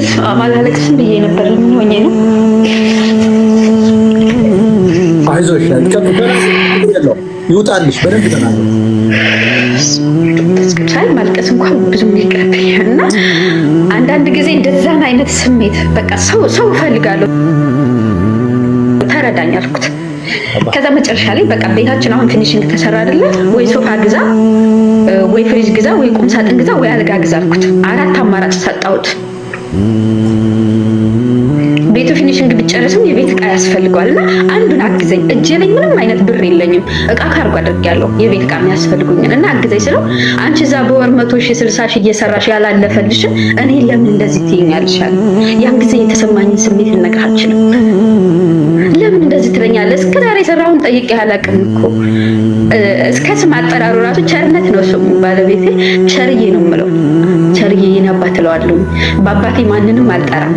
እሷ አላለቅስም ብዬ ነበር። ምን ሆኜ ነው? አይዞሽ ይውጣልሽ። በደንብ ተናገር። ማልቀስ እንኳን ብዙም ይቀርብኛል እና አንዳንድ ጊዜ እንደዛን አይነት ስሜት በቃ ሰው ሰው እፈልጋለሁ። ተረዳኝ አልኩት። ከዛ መጨረሻ ላይ በቃ ቤታችን አሁን ፊኒሽንግ ተሰራ አይደለ ወይ ሶፋ ግዛ ወይ ፍሪጅ ግዛ ወይ ቁምሳጥን ግዛ ወይ አልጋ ግዛ አልኩት። አራት አማራጭ ሰጣሁት። ቤቱ ፊኒሽንግ ብጨርስም የቤት እቃ ያስፈልገዋል አንዱን አግዘኝ፣ እጄ ላይ ምንም አይነት ብር የለኝም፣ እቃ ካርጎ አድርጌያለሁ፣ የቤት እቃ የሚያስፈልጉኝን እና አግዘኝ ስለው አንቺ እዛ በወር መቶ ሺህ ስልሳ ሺህ እየሰራሽ ያላለፈልሽን እኔ ለምን እንደዚህ ትይኛልሻል? ያን ጊዜ የተሰማኝን ስሜት ልነግርህ አልችልም። የሰራውን ጠይቄ አላውቅም እኮ እስከ ስም አጠራሩ ራሱ ቸርነት ነው ስሙ። ባለቤቴ ቸርዬ ነው የምለው፣ ቸርዬ የኔ አባት እለዋለሁ። በአባቴ ማንንም አልጠራም፣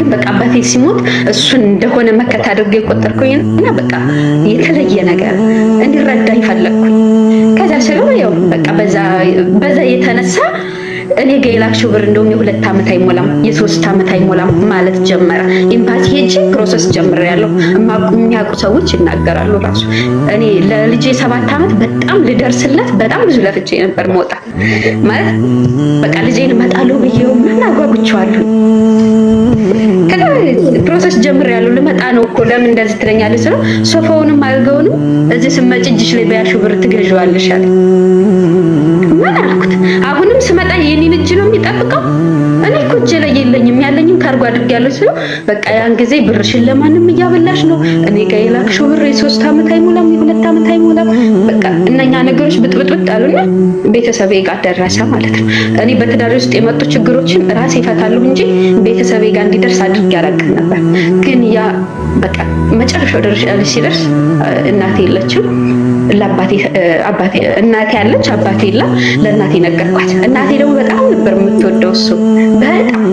ግን በቃ አባቴ ሲሞት እሱን እንደሆነ መከታ አድርጌ የቆጠርኩኝ እና በቃ የተለየ ነገር እንዲረዳ ፈለግኩኝ። ከዛ ስለው ያው በቃ በዛ የተነሳ እኔ ጋ የላክሽው ብር እንደውም የሁለት ዓመት አይሞላም የሶስት ዓመት አይሞላም ማለት ጀመረ። ኤምባሲ ሄጄ ፕሮሰስ ጀምር ያለው የሚያውቁ ሰዎች ይናገራሉ። ራሱ እኔ ለልጄ ሰባት ዓመት በጣም ልደርስለት በጣም ብዙ ለፍቼ ነበር መውጣ ማለት በቃ ልጄን እመጣለሁ ብዬው ምን አጓጉቸዋለሁ። ፕሮሰስ ጀምር ያለው ልመጣ ነው እኮ ለምን እንደዚህ ትለኛለች ስለው ሶፋውንም አልገውንም እዚህ ስመጭ እጅሽ ላይ በያሹ ብር ትገዥዋለሽ አለ። ምን አልኩት አሁንም ስመጣ የኔን እጅ ነው የሚጠብቀው። እኔ እኮ እጄ ላይ የለኝም ያለኝም ካርጎ አድርጌያለሁ ስለው በቃ ያን ጊዜ ብርሽን ለማንም እያበላሽ ነው እኔ ጋር የላክሽው ብር የሶስት አመት አይሞላም የሁለት አመት አይሞላም። በቃ እነኛ ነገሮች ብጥብጥብጥ አሉና ቤተሰቤ ጋር ደረሰ ማለት ነው። እኔ በትዳሪ ውስጥ የመጡ ችግሮችን ራሴ ይፈታለሁ እንጂ ቤተሰቤ ጋር እንዲደርስ አድርጌ አላውቅም ነበር። ግን ያ በቃ መጨረሻው ደረጃ ላይ ሲደርስ እናቴ የለችም እናቴ ያለች አባቴ ላ ለእናቴ ነገርኳት። እናቴ ደግሞ በጣም ነበር የምትወደው እሱ በጣም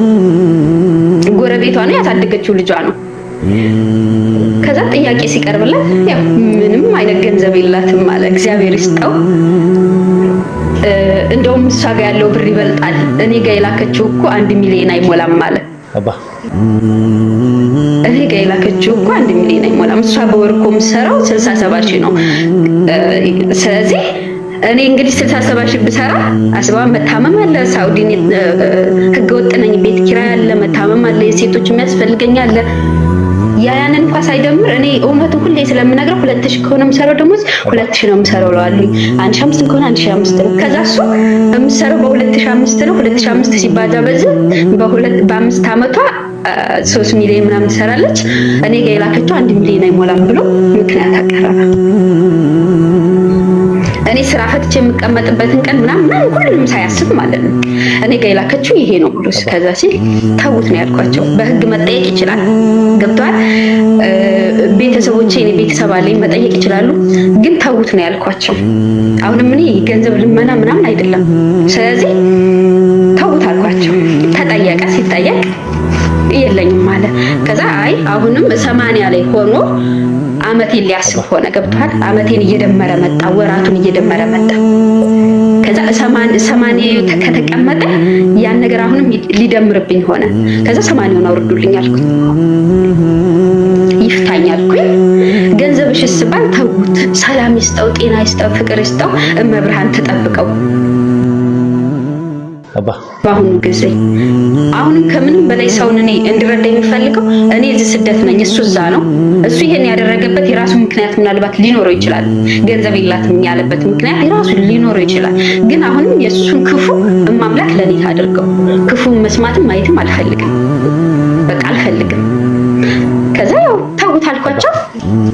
ጎረቤቷ ነው ያሳደገችው ልጇ ነው። ከዛ ጥያቄ ሲቀርብላት ያው ምንም አይነት ገንዘብ የላትም አለ። እግዚአብሔር ይስጠው እንደውም እሷ ጋ ያለው ብር ይበልጣል። እኔ ጋ የላከችው እኮ አንድ ሚሊዮን አይሞላም አለ። አባ እኔ ጋ የላከችው እኮ አንድ ሚሊዮን አይሞላም። እሷ በወር እኮ የምትሰራው ስልሳ ሰባ ሺህ ነው። ስለዚህ እኔ እንግዲህ ስልሳ ሰባ ሺህ ብሰራ አስባ መታመም አለ፣ ሳውዲ ህገወጥ ነኝ፣ ቤት ኪራይ አለ፣ መታመም አለ፣ የሴቶች የሚያስፈልገኝ አለ ያንን እንኳ ሳይደምር እኔ እውነቱ ሁሌ ስለምነግረው ሁለት ሺህ ከሆነ የምሰራው ደሞዝ ሁለት ሺህ ነው የምሰራው እለዋለሁ። አንድ ሺህ አምስት ከሆነ አንድ ሺህ አምስት ነው። ከዛ እሱ የምሰራው በሁለት ሺህ አምስት ነው። ሁለት ሺህ አምስት ሲባዛ በዚህ በሁለት በአምስት አመቷ ሶስት ሚሊዮን ምናምን ትሰራለች። እኔ ጋር የላከችው አንድ ሚሊዮን አይሞላም ብሎ ምክንያት አቀረበ። ስራ ፈትቼ የምቀመጥበትን ቀን ምናምን ሁሉንም ሳያስብ ማለት ነው። እኔ ጋ የላከችው ይሄ ነው ብሎ ከዛ ሲል ተዉት ነው ያልኳቸው። በህግ መጠየቅ ይችላል ገብተዋል። ቤተሰቦቼ እኔ ቤተሰብ አለኝ መጠየቅ ይችላሉ፣ ግን ተዉት ነው ያልኳቸው። አሁንም እኔ ገንዘብ ልመና ምናምን አይደለም። ስለዚህ ተውት አልኳቸው። ተጠየቀ ሲጠየቅ የለኝም አለ። ከዛ አይ አሁንም ሰማንያ ላይ ሆኖ አመቴን ሊያስብ ሆነ። ገብቷል። አመቴን እየደመረ መጣ፣ ወራቱን እየደመረ መጣ። ከዛ ሰማንያ ከተቀመጠ ያን ነገር አሁንም ሊደምርብኝ ሆነ። ከዛ ሰማንያውን አውርዱልኝ አልኩኝ፣ ይፍታኝ አልኩኝ። ገንዘብሽ ስባል ተውት፣ ሰላም ይስጠው፣ ጤና ይስጠው፣ ፍቅር ይስጠው፣ እመብርሃን ትጠብቀው በአሁኑ ጊዜ አሁንም ከምንም በላይ ሰውን እኔ እንድረዳ የሚፈልገው እኔ እዚህ ስደት ነኝ፣ እሱ እዛ ነው። እሱ ይሄን ያደረገበት የራሱ ምክንያት ምናልባት ሊኖረው ይችላል። ገንዘብ የላትም ያለበት ምክንያት የራሱ ሊኖረው ይችላል። ግን አሁንም የእሱን ክፉ እማምላክ ለእኔ ታደርገው። ክፉን መስማትም ማየትም አልፈልግም፣ በቃ አልፈልግም። ከዛ ያው ተውት አልኳቸው።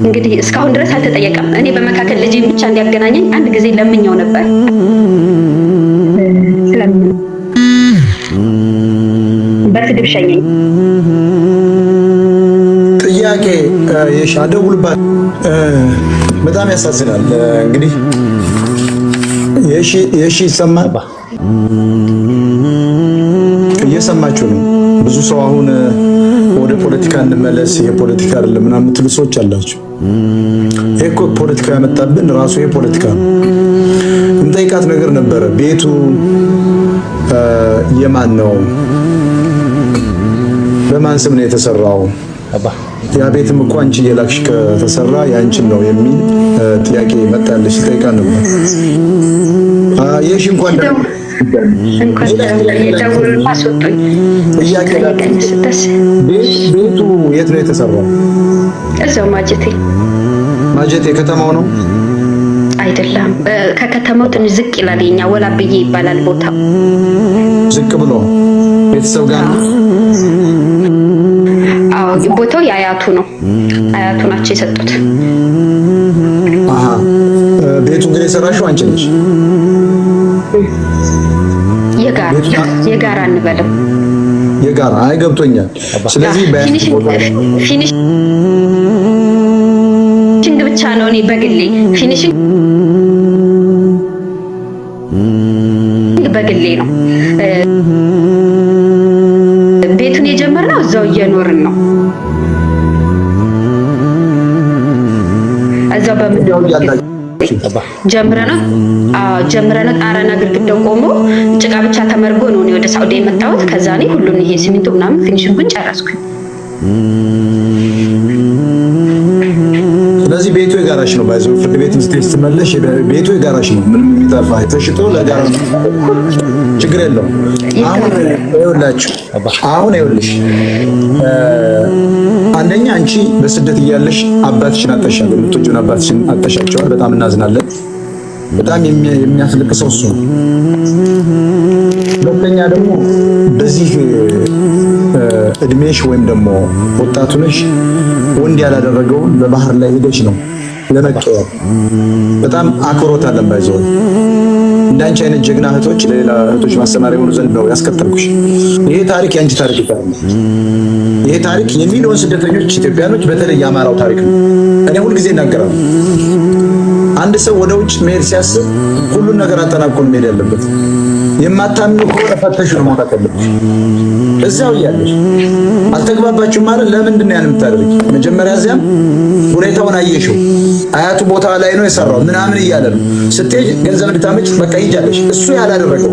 እንግዲህ እስካሁን ድረስ አልተጠየቀም። እኔ በመካከል ልጅ ብቻ እንዲያገናኘኝ አንድ ጊዜ ለምኛው ነበር። በስድብ ሸኘኝ። ጥያቄ የሻደውልባት በጣም ያሳዝናል። እንግዲህ የሺ ይሰማል፣ እየሰማችሁ ነው። ብዙ ሰው አሁን ወደ ፖለቲካ እንመለስ፣ ይሄ ፖለቲካ አይደለም ምናምን የምትሉ ሰዎች አላችሁ። ይሄ እኮ ፖለቲካ ያመጣብን ራሱ ይሄ ፖለቲካ ነው። እንጠይቃት ነገር ነበረ። ቤቱ የማን ነው? በማን ስም ነው የተሰራው? ያ ቤትም እኮ አንቺ እየላክሽ ከተሰራ የአንቺን ነው የሚል ጥያቄ መጣልሽ። ጠይቃ ነበር የሽ እንኳን ቤቱ የት ነው የተሰራው? እዛው ማጀቴ ማጀቴ ከተማው ነው አይደለም። ከከተማው ትንሽ ዝቅ ይላል። የኛ ወላብዬ ይባላል ቦታው ዝቅ ብሎ ቤተሰብ ጋር ነው። አዎ ቦታው የአያቱ ነው። አያቱ ናቸው የሰጡት። ቤቱ ግን የሰራሽው አንቺ ነች። የጋራ የጋራ እንበለም የጋራ አይ ገብቶኛል። ስለዚህ ፊኒሽንግ ብቻ ነው እኔ በግሌ ፊኒሽንግ በግሌ ነው ጀምረነው ጀምረናት ጣራና ግድግዳው ቆሞ ጭቃ ብቻ ተመርጎ ነው እኔ ወደ ሳውዲ የመጣሁት። ከዛ እኔ ሁሉን ይሄ ሲሚንቶ ምናምን ፊኒሽንጉን ጨረስኩኝ። ስለዚህ ቤቱ የጋራሽ ነው። ባይዘው ፍርድ ቤት ስትሄድ ስትመለሽ ቤቱ የጋራሽ ነው። ምንም የሚጠፋ ተሽጦ ለጋራ ችግር የለው። አሁን ይኸውላችሁ አሁን ይኸውልሽ አንደኛ አንቺ በስደት እያለሽ አባትሽን አጠሻል፣ ጡጁን አባትሽን አጠሻቸዋል። በጣም እናዝናለን። በጣም የሚያስለቅሰው እሱ ነው። ሁለተኛ ደግሞ በዚህ እድሜሽ ወይም ደግሞ ነሽ ወንድ ያላደረገውን በባህር ላይ ሄደሽ ነው ለመቀየር በጣም አክብሮት አለን። ባይዘው እንዳንቺ አይነት ጀግና እህቶች ለሌላ እህቶች ማስተማሪያ የሆኑ ዘንድ ነው ያስከተልኩሽ። ይሄ ታሪክ የአንቺ ታሪክ ይባላል። ይሄ ታሪክ የሚሊዮን ስደተኞች ኢትዮጵያኖች፣ በተለይ የአማራው ታሪክ ነው። እኔ ሁልጊዜ እናገራለሁ፣ አንድ ሰው ወደ ውጭ መሄድ ሲያስብ ሁሉን ነገር አጠናቆ መሄድ ያለበት የማታምኑ ከሆነ ፈተሽ ነው መውጣት ያለብሽ። እዚያው እያለሽ አልተግባባችሁ ማለት ለምንድን ነው ያን የምታደርጊ? መጀመሪያ እዚያም ሁኔታውን አየሽው። አያቱ ቦታ ላይ ነው የሰራው ምናምን እያለ ነው ስትሄጂ ገንዘብ እንድታመጭ በቃ ይጃለሽ። እሱ ያላደረገው